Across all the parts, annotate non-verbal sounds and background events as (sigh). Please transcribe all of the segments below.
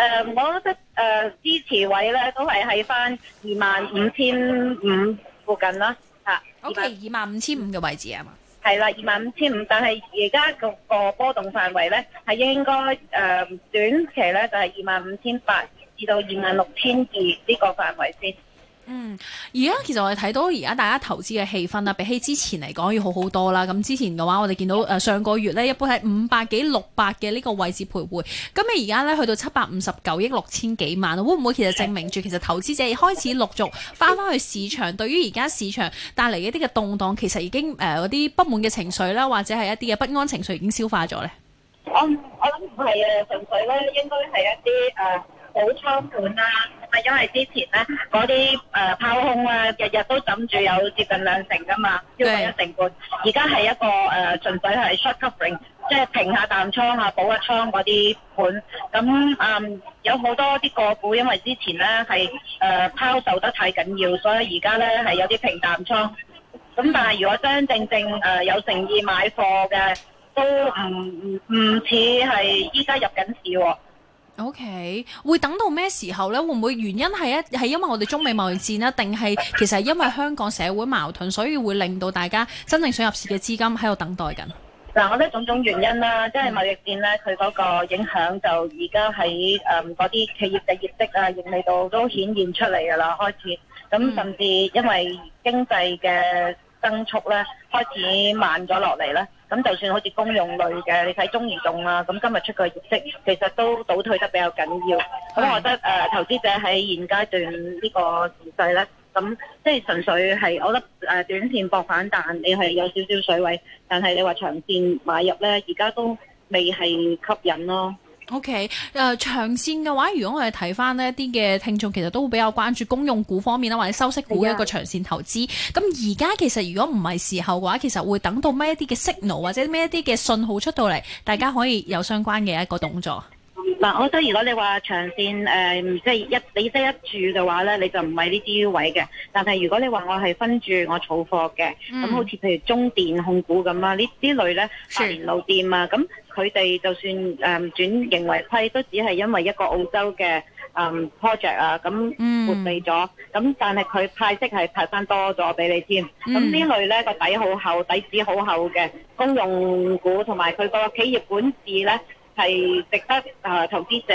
誒，uh, 我覺得誒、uh, 支持位咧都係喺翻二萬五千五附近啦，吓。O K，二萬五千五嘅位置係嘛？係啦，二萬五千五，但係而家個個波動範圍咧係應該誒、uh, 短期咧就係二萬五千八至到二萬六千二呢個範圍先。嗯，而家其實我哋睇到而家大家投資嘅氣氛啦，比起之前嚟講要好好多啦。咁之前嘅話，我哋見到誒上個月咧，一般喺五百幾六百嘅呢個位置徘徊。咁你而家咧去到七百五十九億六千幾萬，會唔會其實證明住其實投資者開始陸續返返去市場？ (laughs) 對於而家市場帶嚟一啲嘅動盪，其實已經誒嗰啲不滿嘅情緒啦，或者係一啲嘅不安情緒已經消化咗咧。我我諗唔係啊，純粹咧應該係一啲誒。呃補倉盤啦，係因為之前咧嗰啲誒拋空啊，日日都枕住有接近兩成噶嘛，超過一成半。而家係一個誒純粹係 short covering，即係平下淡倉啊，補下倉嗰啲盤。咁誒有好多啲個股，因為之前咧係誒拋售得太緊要，所以而家咧係有啲平淡倉。咁但係如果真真正正誒、呃、有誠意買貨嘅，都唔唔唔似係依家入緊市喎、啊。O、okay, K，會等到咩時候呢？會唔會原因係一係因為我哋中美貿易戰啦，定係其實係因為香港社會矛盾，所以會令到大家真正想入市嘅資金喺度等待緊？嗱、嗯，我覺得種種原因啦，即係貿易戰呢，佢嗰個影響就而家喺誒嗰啲企業嘅業績啊盈利度都顯現出嚟㗎啦，開始咁甚至因為經濟嘅增速呢，開始慢咗落嚟咧。咁就算好似公用類嘅，你睇中移動啊，咁今日出個業績，其實都倒退得比較緊要。咁我覺得誒，投資者喺現階段呢個時勢咧，咁即係純粹係我覺得短線博反彈，你係有少少水位，但係你話長線買入咧，而家都未係吸引咯。OK，誒長線嘅話，如果我哋睇翻呢一啲嘅聽眾，其實都會比較關注公用股方面啦，或者收息股一個長線投資。咁而家其實如果唔係時候嘅話，其實會等到咩一啲嘅 signal 或者咩一啲嘅信號出到嚟，大家可以有相關嘅一個動作。嗱，我覺得如果你話長線誒，即、呃、係、就是、一你即一住嘅話咧，你就唔係呢啲位嘅。但係如果你話我係分住我儲貨嘅，咁、嗯、好似譬如中電控股咁啊，呢啲類咧，是百年老店啊，咁佢哋就算誒轉盈為虧，都只係因為一個澳洲嘅誒、呃、project 啊，咁撥備咗。咁、嗯、但係佢派息係派翻多咗俾你添。咁、嗯、呢類咧個底好厚，底子好厚嘅公用股，同埋佢個企業管治咧。係值得啊，投資者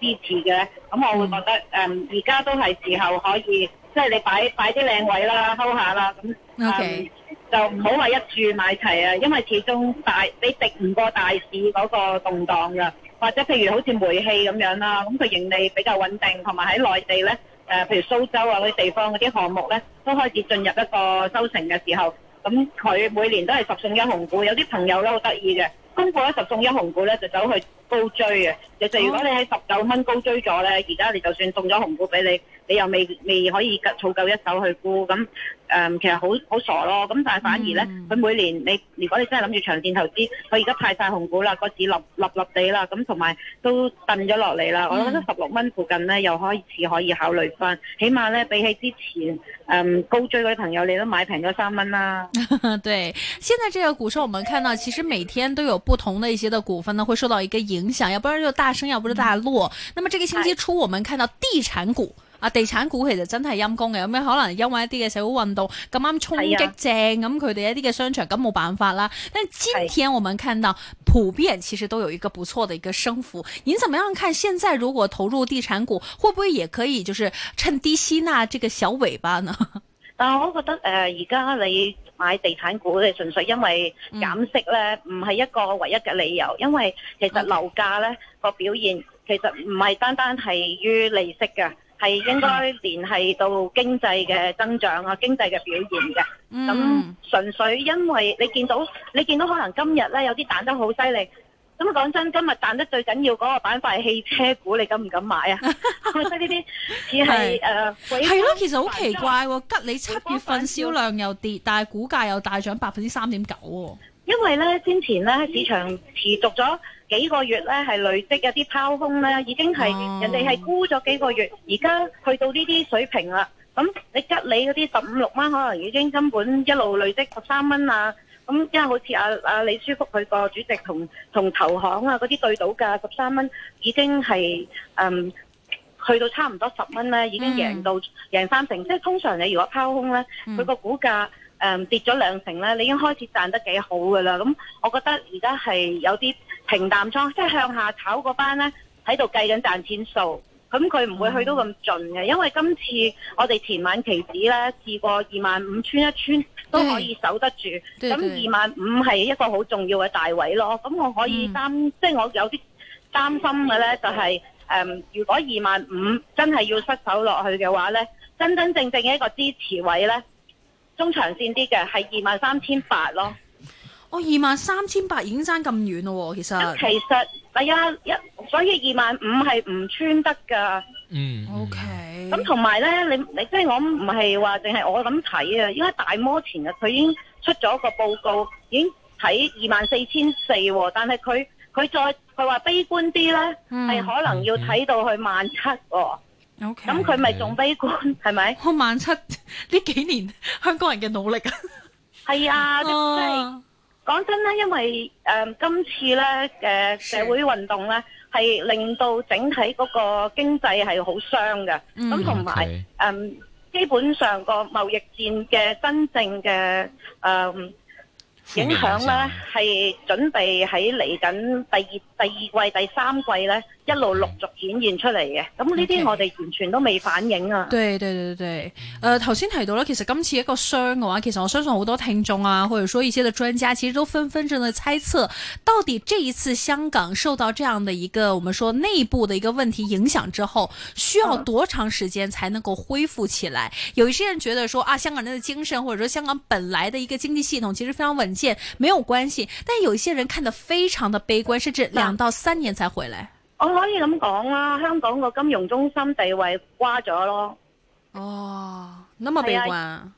支持嘅，咁我會覺得誒，而家、嗯嗯、都係時候可以，即、就、係、是、你擺擺啲靚位啦，溝下啦，咁、嗯、Okay, 就唔好話一注買齊啊，嗯、因為始終大你敵唔過大市嗰個動盪噶。或者譬如好似煤氣咁樣啦，咁佢盈利比較穩定，同埋喺內地呢，誒，譬如蘇州啊嗰啲地方嗰啲項目呢，都開始進入一個收成嘅時候，咁佢每年都係十送一紅股，有啲朋友都好得意嘅。公布一十送一紅股咧，就走去，高追啊！其實如果你喺十九蚊高追咗呢，而家你就算送咗紅股俾你，你又未未可以儲夠一手去沽，咁誒、呃、其實好好傻咯。咁但係反而呢，佢、mm. 每年你如果你真係諗住長線投資，佢而家派晒紅股啦，個市立立立地啦，咁同埋都頓咗落嚟啦。我覺得十六蚊附近呢，又開始可以考慮翻，起碼呢，比起之前誒、呃、高追嗰啲朋友，你都買平咗三蚊啦。 (laughs) 對，現在這個股市，我們看到其實每天都有不同的一些的股份呢，會受到一個影響。影響，要不然就大升，要不然大落。嗯、那麼這個星期初，我們看到地產股，嗯、啊，地產股其實真係陰功嘅，有咩可能？因為一啲嘅社會運動，咁啱衝擊正，咁佢哋一啲嘅商場，咁冇辦法啦。但今天我們看到，哎，普遍其實都有一個不錯的一個升幅。你怎麼樣看？現在如果投入地產股，會不會也可以就是趁低吸納這個小尾巴呢？但我覺得，誒、呃，而家你。買地產股嘅，純粹因為減息咧，唔係一個唯一嘅理由。嗯，因為其實樓價咧個表現，其實唔係單單係於利息嘅，係應該聯繫到經濟嘅增長啊，經濟嘅表現嘅。咁純粹因為你見到，你見到可能今日咧有啲彈得好犀利。咁講真，今日彈得最緊要嗰個板塊係汽車股，你敢唔敢買啊？我覺得呢啲只係誒鬼？係咯是、呃，其實好奇怪喎！吉利七月份銷量又跌，但係股價又大漲百分之三點九喎。因為咧，先前咧市場持續咗幾個月咧係累積有啲拋空咧，已經係、哦、人哋係沽咗幾個月，而家去到呢啲水平啦。咁你吉利嗰啲十五六蚊，6可能已經根本一路累積十三蚊啦。咁、嗯、因為好似阿阿李書福佢個主席同同投行啊嗰啲對賭價十三蚊已經係嗯去到差唔多十蚊咧，已經贏到、嗯、贏三成。即係通常你如果拋空咧，佢個、嗯、股價誒、嗯、跌咗兩成咧，你已經開始賺得幾好㗎啦。咁我覺得而家係有啲平淡倉，即、就、係、是、向下炒嗰班咧喺度計緊賺錢數，咁佢唔會去到咁盡嘅，嗯、因為今次我哋前晚期指咧試過二萬五千一穿。對對都可以守得住。咁二萬五係一個好重要嘅大位咯。咁我可以擔，嗯、即係我有啲擔心嘅呢、就是，就係誒，如果二萬五真係要失守落去嘅話呢，真真正，正正一個支持位呢，中長線啲嘅係二萬三千八咯。哦，二萬三千八已經差咁遠咯，其實這、哦。其實係啊，一所以二萬五係唔穿得噶、嗯。嗯。O K。咁同埋咧，你你即係我唔係話，淨係我咁睇啊！而家大摩前日，佢已經出咗個報告，已經睇二萬四千四，但係佢佢再佢話悲觀啲咧，係、嗯、可能要睇到去萬七。OK 咁佢咪仲悲觀？係咪 okay？哦，萬七呢幾年香港人嘅努力啊！係啊，即係講、啊、真咧，因為誒、呃、今次咧嘅社會運動咧。係令到整體嗰個經濟係好傷嘅，咁同埋誒基本上個貿易戰嘅真正嘅誒、嗯嗯、影響咧，係、嗯、準備喺嚟緊第二第二季第三季咧。一路陸續展現出嚟嘅，咁呢啲我哋完全都未反映啊。Okay. 對對對對，誒頭先提到咧，其實今次一個傷嘅話，其實我相信好多聽眾啊，或者說一些嘅專家，其實都紛紛正在猜測，到底這一次香港受到這樣的一個，我們說內部的一個問題影響之後，需要多長時間才能夠恢復起來？嗯、有一些人覺得說啊，香港人的精神，或者說香港本來的一個經濟系統其實非常穩健，沒有關係。但有一些人看得非常的悲觀，甚至兩到三年才回來。我可以咁講啦，香港個金融中心地位瓜咗咯。哦，咁啊悲觀啊！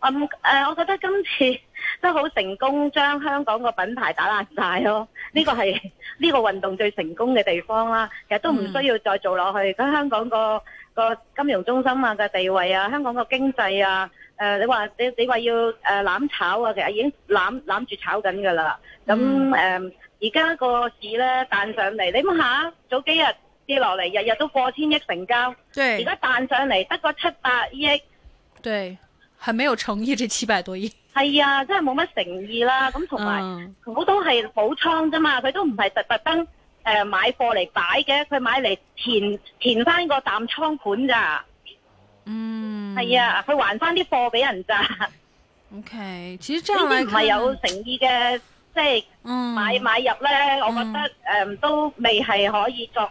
誒，我覺得今次都好成功，將香港個品牌打爛晒咯。呢個係呢個運動最成功嘅地方啦。其實都唔需要再做落去。嗯、香港個個金融中心啊嘅地位啊，香港個經濟啊。誒、呃，你話你你話要誒攬、呃、炒啊，其實已經攬攬住炒緊噶啦。咁誒，而家、嗯、呃、個市咧彈上嚟，你諗下，早幾日跌落嚟，日日都過千億成交，對，而家彈上嚟得個七百億，對，很沒有誠意，這七百多億，係啊，真係冇乜誠意啦。咁同埋，我、嗯、都係補倉啫嘛，佢都唔係特特登誒買貨嚟擺嘅，佢買嚟填填翻個淡倉盤咋。嗯，係、mm hmm. 啊，佢還返啲貨俾人咋？OK，其實呢啲唔係有誠意嘅，即、就、係、是、買、mm hmm. 買入咧，我覺得誒、mm hmm. 嗯、都未係可以作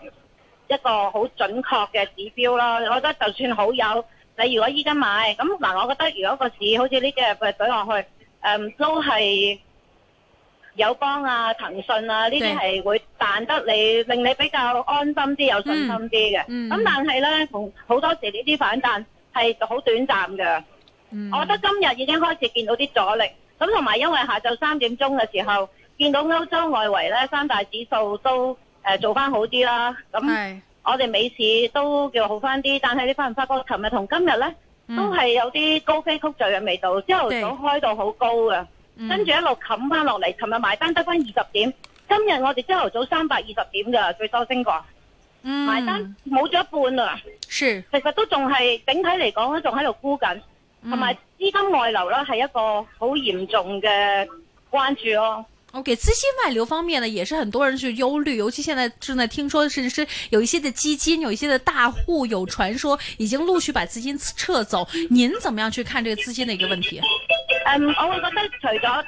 一個好準確嘅指標咯。我覺得就算好有，你如果依家買咁，嗱，我覺得如果個市好似呢幾日佢懟落去，誒、嗯、都係友邦啊，騰訊啊，呢啲係會。難得你令你比較安心啲，有信心啲嘅。咁、嗯嗯、但係呢，好多時呢啲反彈係好短暫嘅。嗯、我覺得今日已經開始見到啲阻力。咁同埋因為下晝三點鐘嘅時候，見到歐洲外圍呢三大指數都誒、呃、做翻好啲啦。咁是我哋每次都叫好翻啲，但係你發唔發覺，琴日同今日呢，嗯、都係有啲高飛曲墜嘅味道，朝頭早開到好高嘅，跟住、嗯、一路冚翻落嚟。琴日埋單得翻二十點。今日我哋朝頭早三百二十點噶，最多升過，埋、嗯、單冇咗一半喇。是，其實都仲係整體嚟講咧，仲喺度沽緊，同埋資金外流呢，係一個好嚴重嘅關注咯。哦，喺、okay, 資金外流方面呢，也是很多人去憂慮，尤其現在正在聽說甚至有一些嘅基金，有一些嘅大戶有傳說已經陸續把資金撤走。您怎麼樣去看呢個資金嘅一個問題？嗯，um, 我會覺得除咗睇誒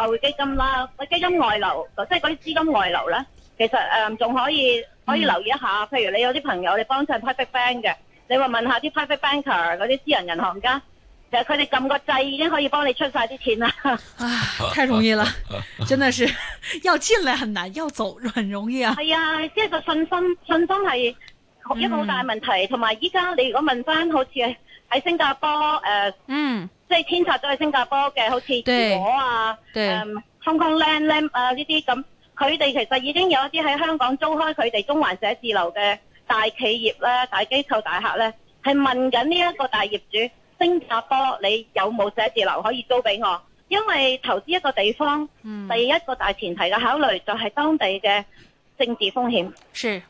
外匯基金啦，個基金外流，即係嗰啲資金外流咧，其實誒仲、呃、可以可以留意一下。譬如你有啲朋友你幫襯 private bank 嘅，你話問下啲 private banker 嗰啲私人銀行家，其實佢哋撳個掣已經可以幫你出晒啲錢啦。 (laughs) 啊，太容易啦！真的是，要進來很難，要走很容易啊。係啊，即係個信心，信心係一個好大問題。同埋依家你如果問翻，好似喺新加坡誒，呃、嗯。即係遷冊咗去新加坡嘅，好似我啊，誒 Hong Kong Land 啊呢啲咁，佢哋其實已經有一啲喺香港租開佢哋中環寫字樓嘅大企業咧、大機構大呢、大客咧，係問緊呢一個大業主，新加坡你有冇寫字樓可以租俾我？因為投資一個地方，嗯、第一個大前提嘅考慮就係當地嘅政治風險。是，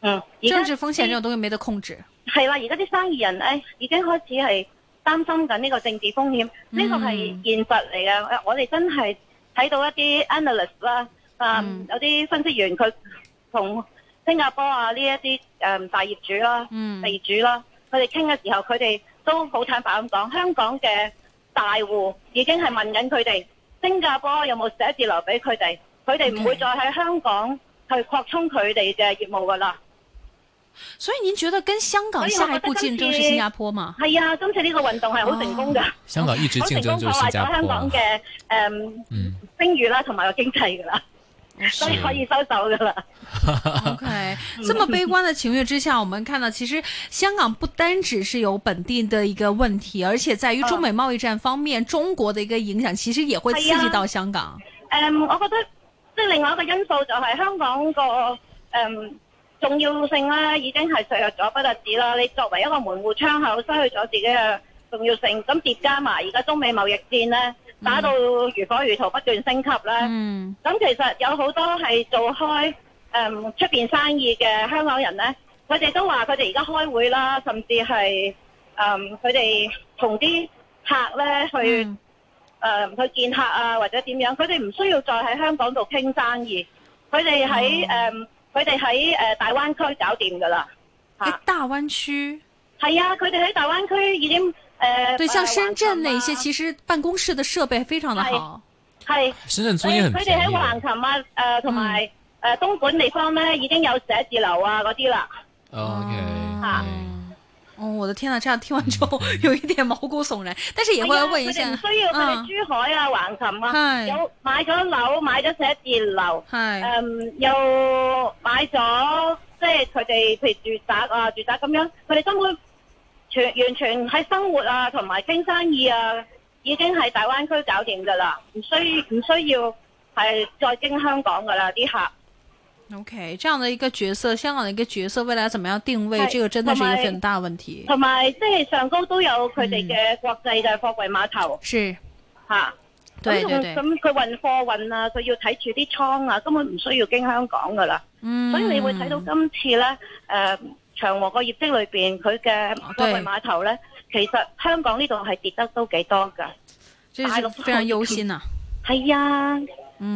嗯，而家政治風險呢種東西冇得控制。係啦、啊，而家啲生意人咧、哎、已經開始係。擔心緊呢個政治風險，呢、這個係現實嚟嘅，mm. 啊。我哋真係睇到一啲 analyst 啦、啊，啊、mm. 有啲分析員佢同新加坡啊呢一啲誒、嗯、大業主啦、地、mm. 主啦，佢哋傾嘅時候，佢哋都好坦白咁講，香港嘅大戶已經係問緊佢哋，Okay. 新加坡有冇寫字樓俾佢哋，佢哋唔會再喺香港去擴充佢哋嘅業務噶啦。所以您覺得跟香港下一步競爭是新加坡嗎？係啊，今次呢個運動係好成功噶、啊、香港一直競爭就是新加坡。的香港嘅誒聲譽啦，同埋個經濟噶啦，所以是可以收手噶啦。OK，這麼悲觀的情緒之下， (laughs) 我們看到其實香港不單只是有本地的一個問題，而且在於中美貿易戰方面，啊、中國的一個影響其實也會刺激到香港。啊、嗯我覺得即、就是、另外一個因素就係香港個、嗯重要性啦，已經係削弱咗不得止啦。你作為一個門戶窗口，失去咗自己嘅重要性。咁疊加埋而家中美貿易戰咧，打到如火如荼，不斷升級咧。咁、嗯、其實有好多係做開誒出邊生意嘅香港人咧，佢哋都話佢哋而家開會啦，甚至係誒佢哋同啲客咧去誒、嗯呃、去見客啊，或者點樣？佢哋唔需要再喺香港度傾生意，佢哋喺誒。嗯呃佢哋喺誒大灣區搞掂噶啦，喺大灣區係啊，佢哋喺大灣區已經誒、呃、對，像深圳那些其實辦公室的設備非常的好，係、啊，深圳租金很便宜，佢哋喺橫琴啊誒同埋誒東莞地方呢，已經有寫字樓啊嗰啲啦。OK 吓、嗯。嗯哦，我的天啊！這樣聽完之後有一點毛骨悚然，但是也會問一下，唔需要佢哋、嗯、珠海啊、橫琴啊，有的買咗樓、買咗寫字樓，的嗯，又買咗即係佢哋譬如住宅啊、住宅咁樣，佢哋根本全完全喺生活啊同埋傾生意啊，已經喺大灣區搞掂噶啦，唔需唔需要係再經香港噶啦啲客。O.K. 這樣的一個角色，香港的一個角色，未來怎麼樣定位？是這個真的是一個很大問題。同埋即係上高都有佢哋嘅國際嘅貨櫃碼頭，嗯、是吓，啊、對咁佢從運貨運啊，佢要睇住啲倉啊，根本唔需要經香港噶啦。嗯，所以你會睇到今次呢，誒、呃，長和個業績裏邊佢嘅貨櫃碼頭呢，對其實香港呢度係跌得都幾多噶。這非常憂心啊。係啊。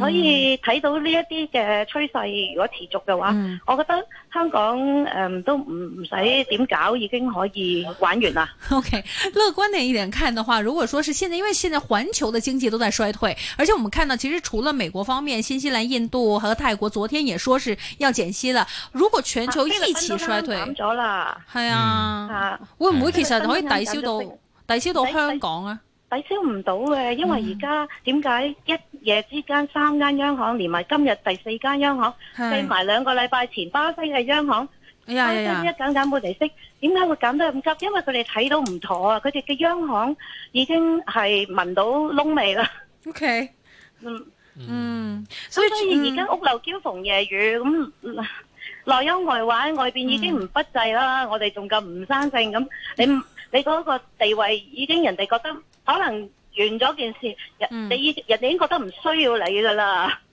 可以睇到呢一啲嘅趨勢，如果持續嘅話，嗯、我覺得香港誒、嗯、都唔唔使點搞，已經可以玩完啦。OK，樂觀點一點，看的話，如果說是現在，因為現在環球的經濟都在衰退，而且我們看到其實除了美國方面，新西蘭、印度和泰國昨天也說是要減息了。如果全球一起衰退，係啊，啊嗯、啊會唔會其實可以抵消到抵消到香港啊？抵消唔到嘅，因為而家點解一夜之間三間央行，連埋今日第四間央行，計埋兩個禮拜前巴西嘅央行，的間一減減半厘息，點解的會減得咁急？因為佢哋睇到唔妥啊！佢哋嘅央行已經係聞到燶味啦。O K，嗯嗯，嗯所以而家屋漏兼逢夜雨，咁內憂外患，外邊已經唔不濟啦。嗯、我哋仲夠唔生性咁，咁你、嗯、你嗰個地位已經人哋覺得。可能完咗件事，人你、嗯、人哋已經覺得唔需要你噶啦。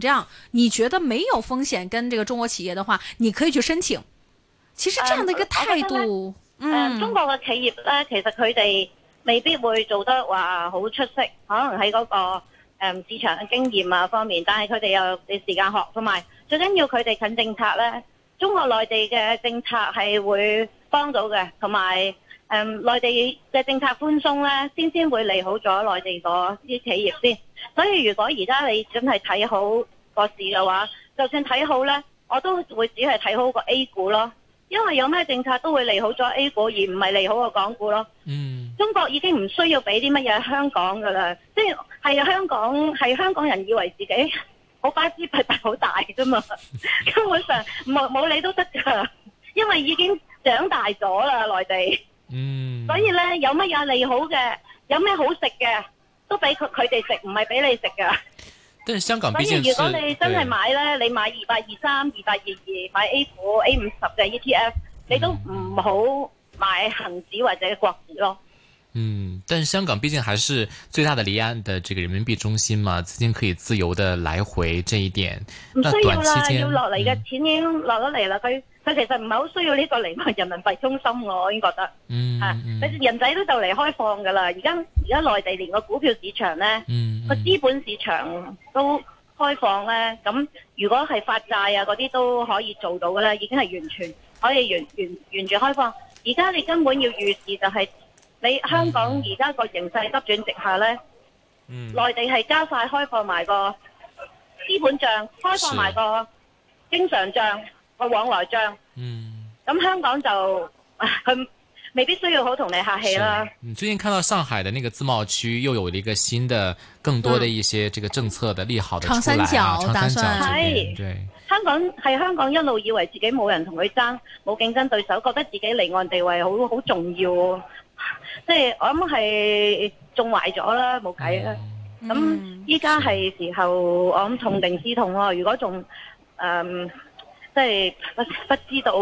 這樣，你覺得沒有風險跟這個中國企業的話，你可以去申請。其實這樣的一個態度，呃、嗯、呃，中國嘅企業呢，其實佢哋未必會做得話好出色，可能喺嗰、那個誒、呃、市場嘅經驗啊方面，但係佢哋有啲時間學，同埋最緊要佢哋近政策呢。中國內地嘅政策係會幫到嘅，同埋。誒，um，內地嘅政策寬鬆咧，先先會利好咗內地嗰啲企業先。所以如果而家你真係睇好個市嘅話，就算睇好咧，我都會只係睇好個 A 股咯。因為有咩政策都會利好咗 A 股，而唔係利好個港股咯。嗯。中國已經唔需要俾啲乜嘢香港噶啦，即係係香港係香港人以為自己好花枝派好大啫嘛， (laughs) 根本上冇冇理都得噶，因為已經長大咗啦，內地。嗯，所以咧，有乜嘢利好嘅，有咩好食嘅，都俾佢佢哋食，唔係俾你食噶。但係香港是，所以如果你真係買咧，對你買二八二三、二八二二買 A 股 A 五十嘅 ETF，你都唔好買恒指或者國指咯。嗯，但係香港畢竟還是最大的離岸的這個人民幣中心嘛，資金可以自由的來回，這一點，唔需要啦，那短期間，要落嚟嘅錢已經落咗嚟啦。佢佢其實唔係好需要呢個離岸人民幣中心，我已經覺得，嗯，佢、嗯啊嗯、人仔都就嚟開放噶啦。而家而家內地連個股票市場咧，個、嗯、資本市場都開放咧，咁如果係發債啊嗰啲都可以做到嘅啦，已經係完全可以完完完全開放。而家你根本要預示就係、是。你香港而家個形勢急轉直下呢，嗯、內地係加快開放埋個資本帳，開放埋個經常帳，個是往來帳。嗯，咁香港就佢、啊、未必需要好同你客氣啦。你最近看到上海的那個自貿區又有了一個新的、更多的一些這個政策的利好的出來啊！長三角，長三角係對。香港係香港一路以為自己冇人同佢爭，冇競爭對手，覺得自己離岸地位好好重要，啊。即係我諗係仲壞咗啦，冇計啦。咁依家係時候我諗痛定思痛咯。如果仲誒即係不不知道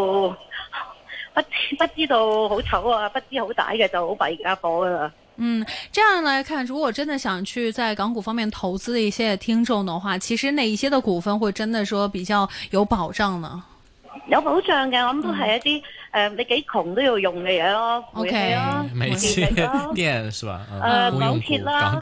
不知不知道好醜啊，不知好歹嘅就好弊家伙噶啦。嗯，這樣來看，如果真的想去在港股方面投資一些聽眾的話，其實哪一些的股份會真的說比較有保障呢？有保障嘅，我諗都係一啲，誒、嗯呃，你幾窮都要用嘅嘢咯，煤氣、嗯呃、咯，地鐵咯，係啊、嗯，港鐵啦，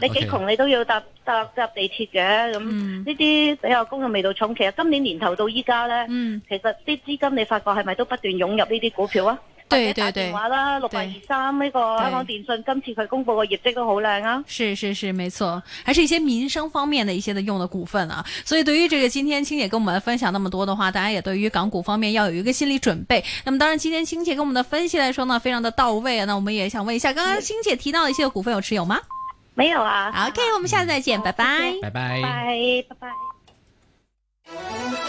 你幾窮你都要搭搭搭地鐵嘅，咁呢啲比較公用味道重。其實今年年頭到依家咧，嗯、其實啲資金你發覺係咪都不斷湧入呢啲股票啊？對，對對對，六八二三呢個香港電訊對今次佢公布嘅業績都好靚啊！是是是，沒錯，還是一些民生方面的一些的用的股份啊。所以對於這個今天青姐跟我們分享那麼多的話，大家也對於港股方面要有一個心理準備。那麼當然，今天青姐跟我們的分析來說呢，非常的到位。啊。那我們也想問一下，剛剛青姐提到的一些股份有持有嗎？沒有啊。OK，啊我們下次再見，拜拜、哦，拜拜 bye，拜拜拜。Bye bye, bye bye